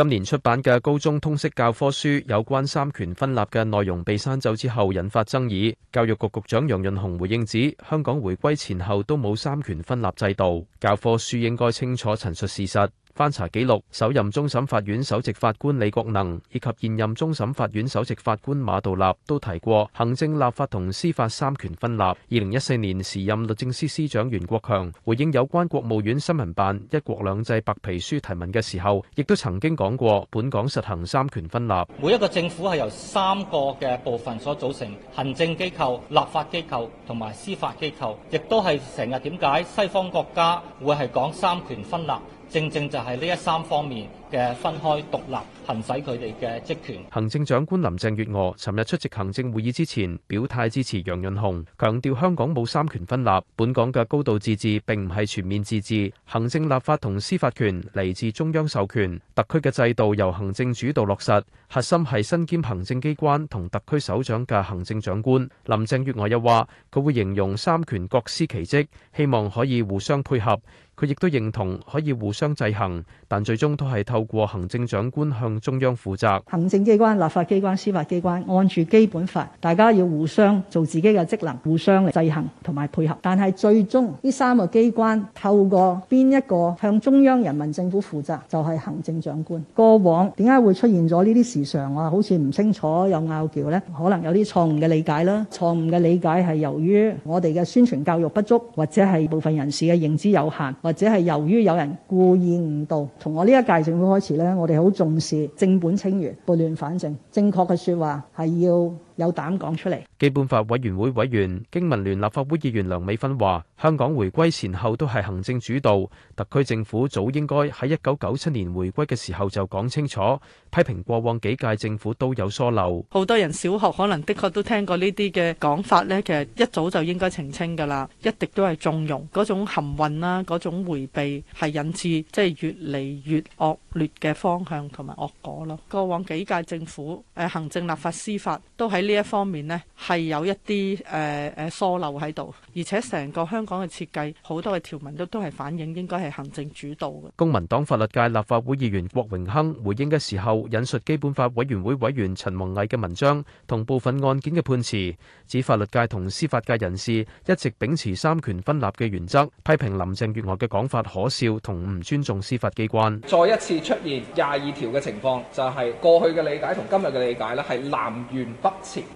今年出版嘅高中通識教科書有關三權分立嘅內容被刪走之後引發爭議，教育局局長楊潤雄回應指，香港回歸前後都冇三權分立制度，教科書應該清楚陳述事實。翻查記錄，首任終審法院首席法官李國能以及現任終審法院首席法官馬道立都提過行政、立法同司法三權分立。二零一四年時任律政司司長袁國強回應有關國務院新聞辦《一國兩制白皮書》提問嘅時候，亦都曾經講過本港實行三權分立。每一個政府係由三個嘅部分所組成，行政機構、立法機構同埋司法機構，亦都係成日點解西方國家會係講三權分立？正正就係呢啲三方面。嘅分開獨立行使佢哋嘅職權。行政長官林鄭月娥尋日出席行政會議之前，表態支持楊潤雄，強調香港冇三權分立，本港嘅高度自治並唔係全面自治，行政、立法同司法權嚟自中央授權，特區嘅制度由行政主導落實，核心係身兼行政機關同特區首長嘅行政長官。林鄭月娥又話：佢會形容三權各司其職，希望可以互相配合。佢亦都認同可以互相制衡，但最終都係透。透過行政長官向中央負責，行政機關、立法機關、司法機關按住基本法，大家要互相做自己嘅職能，互相嚟制衡同埋配合。但係最終呢三個機關透過邊一個向中央人民政府負責，就係、是、行政長官。過往點解會出現咗呢啲時常啊，好似唔清楚有拗撬呢？可能有啲錯誤嘅理解啦，錯誤嘅理解係由於我哋嘅宣傳教育不足，或者係部分人士嘅認知有限，或者係由於有人故意誤導。同我呢一屆政府。開始咧，我哋好重視正本清源、撥亂反正，正確嘅說話係要。有膽講出嚟。基本法委員會委員、經民聯立法會議員梁美芬話：香港回歸前後都係行政主導，特區政府早應該喺一九九七年回歸嘅時候就講清楚。批評過往幾屆政府都有疏漏。好多人小學可能的確都聽過呢啲嘅講法咧，其實一早就應該澄清㗎啦。一直都係縱容嗰種含混啦，嗰種迴避，係引致即係越嚟越惡劣嘅方向同埋惡果咯。過往幾屆政府誒行政、立法、司法都喺。呢一方面呢，係有一啲誒誒疏漏喺度，而且成個香港嘅設計好多嘅條文都都係反映應該係行政主導嘅。公民黨法律界立法會議員郭榮鏗回應嘅時候，引述基本法委員會委員陳宏毅嘅文章同部分案件嘅判詞，指法律界同司法界人士一直秉持三權分立嘅原則，批評林鄭月娥嘅講法可笑同唔尊重司法機關。再一次出現廿二條嘅情況就係、是，過去嘅理解同今日嘅理解呢，係南轅北。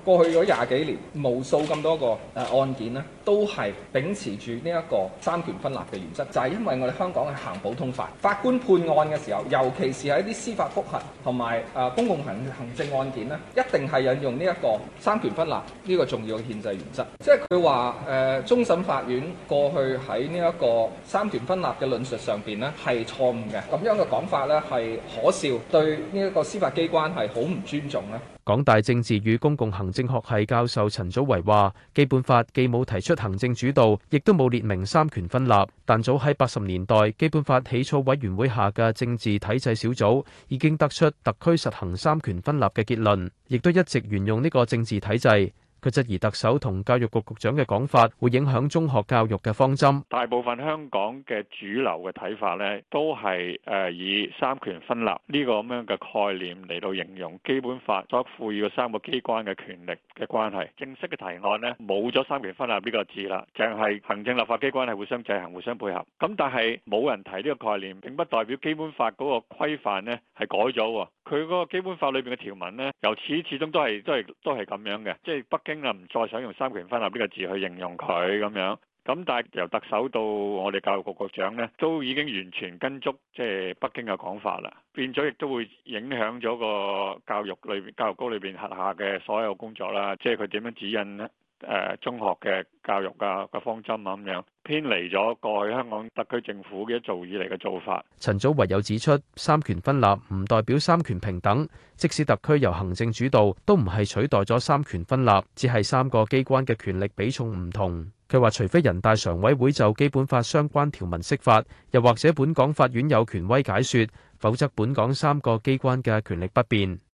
過去咗廿幾年，無數咁多個誒案件啦，都係秉持住呢一個三權分立嘅原則，就係因為我哋香港係行普通法，法官判案嘅時候，尤其是喺啲司法覆核同埋誒公共行行政案件咧，一定係引用呢一個三權分立呢個重要嘅憲制原則。即係佢話誒，終審法院過去喺呢一個三權分立嘅論述上邊咧，係錯誤嘅，咁樣嘅講法咧係可笑，對呢一個司法機關係好唔尊重咧。港大政治與公共行政學系教授陳祖維話，基本法既冇提出行政主導，亦都冇列明三權分立。但早喺八十年代，基本法起草委員會下嘅政治體制小組已經得出特區實行三權分立嘅結論，亦都一直沿用呢個政治體制。佢質疑特首同教育局局長嘅講法會影響中學教育嘅方針。大部分香港嘅主流嘅睇法咧，都係誒以三權分立呢個咁樣嘅概念嚟到形容基本法所賦予嘅三個機關嘅權力嘅關係。正式嘅提案咧，冇咗三權分立呢個字啦，淨係行政立法機關係互相制衡、互相配合。咁但係冇人提呢個概念，並不代表基本法嗰個規範咧係改咗喎。佢嗰個基本法裏邊嘅條文呢，由始始終都係都係都係咁樣嘅，即係北京啊，唔再想用三權分立呢個字去形容佢咁樣。咁但係由特首到我哋教育局局長呢，都已經完全跟足即係北京嘅講法啦，變咗亦都會影響咗個教育裏邊、教育局裏邊轄下嘅所有工作啦，即係佢點樣指引呢？誒、呃、中學嘅教育啊，個方針啊，咁樣偏離咗過去香港特區政府嘅做以嚟嘅做法。陳祖為有指出，三權分立唔代表三權平等，即使特區由行政主導，都唔係取代咗三權分立，只係三個機關嘅權力比重唔同。佢話，除非人大常委會就基本法相關條文釋法，又或者本港法院有權威解說，否則本港三個機關嘅權力不變。